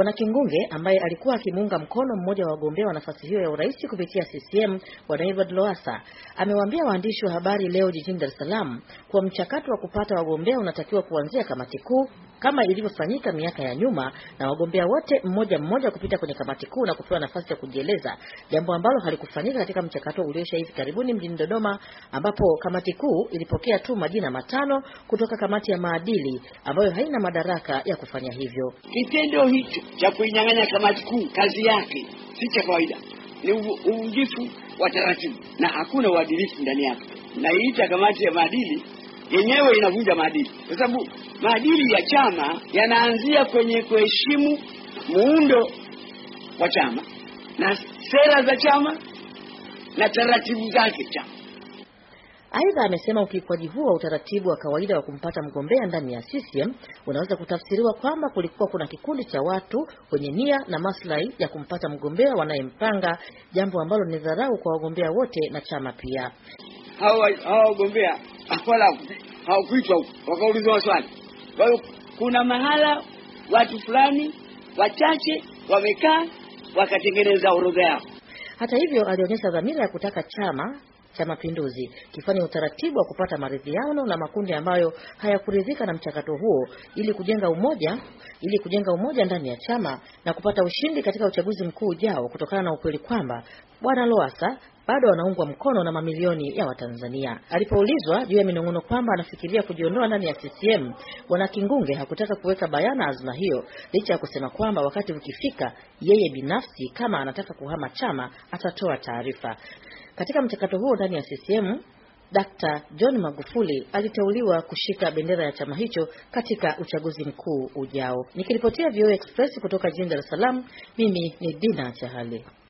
Bwana Kingunge ambaye alikuwa akimuunga mkono mmoja wa wagombea wa nafasi hiyo ya urais kupitia CCM Bwana Edward Lowassa amewaambia waandishi wa habari leo jijini Dar es Salaam kuwa mchakato wa kupata wagombea unatakiwa kuanzia kamati kuu kama ilivyofanyika miaka ya nyuma, na wagombea wote mmoja mmoja kupita kwenye kamati kuu na kupewa nafasi ya kujieleza, jambo ambalo halikufanyika katika mchakato ulioisha hivi karibuni mjini Dodoma, ambapo kamati kuu ilipokea tu majina matano kutoka kamati ya maadili ambayo haina madaraka ya kufanya hivyo. Kitendo hicho cha kuinyang'anya kamati kuu kazi yake si cha kawaida, ni uvunjifu wa taratibu na hakuna uadilifu ndani yake. Naiita kamati ya maadili, yenyewe inavunja maadili, kwa sababu maadili ya chama yanaanzia kwenye kuheshimu muundo wa chama na sera za chama na taratibu zake chama Aidha, amesema ukiukwaji huo wa utaratibu wa kawaida wa kumpata mgombea ndani ya CCM unaweza kutafsiriwa kwamba kulikuwa kuna kikundi cha watu wenye nia na maslahi ya kumpata mgombea wanayempanga, jambo ambalo ni dharau kwa wagombea wote na chama pia. Hawa wagombea wala hawakuitwa wakaulizwa maswali. Kwa hiyo kuna mahala watu fulani wachache wamekaa wakatengeneza orodha yao. Hata hivyo, alionyesha dhamira ya kutaka chama cha Mapinduzi kifanye utaratibu wa kupata maridhiano na makundi ambayo hayakuridhika na mchakato huo ili kujenga umoja ili kujenga umoja ndani ya chama na kupata ushindi katika uchaguzi mkuu ujao, kutokana na ukweli kwamba Bwana loasa bado wanaungwa mkono na mamilioni ya Watanzania. Alipoulizwa juu ya minong'ono kwamba anafikiria kujiondoa ndani ya CCM, Bwana Kingunge hakutaka kuweka bayana azma hiyo, licha ya kusema kwamba wakati ukifika, yeye binafsi kama anataka kuhama chama atatoa taarifa. Katika mchakato huo ndani ya CCM Dkt. John Magufuli aliteuliwa kushika bendera ya chama hicho katika uchaguzi mkuu ujao. Nikiripotia VOA Express kutoka jijini Dar es Salaam, mimi ni Dina Chahali.